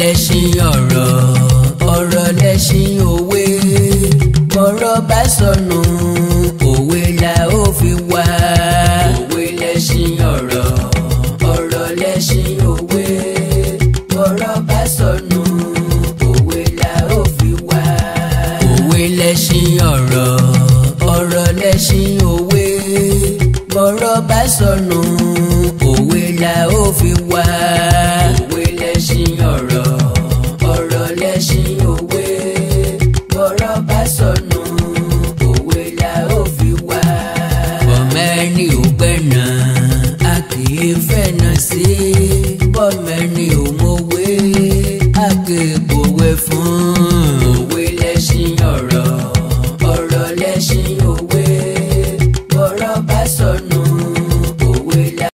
lẹ́ṣin ọ̀rọ̀ ọ̀rọ̀ lẹ́ṣin òwe bọ́rọ̀ bá sọnù òwe la ó fi wá. òwe lẹ́ṣin ọ̀rọ̀ ọ̀rọ̀ lẹ́ṣin òwe bọ́rọ̀ bá sọnù òwe la ó fi wá. òwe lẹ́ṣin ọ̀rọ̀ ọ̀rọ̀ lẹ́ṣin òwe bọ́rọ̀ bá sọnù. ọ̀rọ̀ ọ̀rọ̀ lẹ́ṣin òwe bọ́rọ̀ bá sọnù òwe la ó fi wá. bọ́mẹ́ni ò gbẹ̀nà a kì í fẹ̀nà sí bọ́mẹ́ni ò mọ̀wé a kì í pòwe fún òwe lẹ́ṣin ọ̀rọ̀ ọ̀rọ̀ lẹ́ṣin.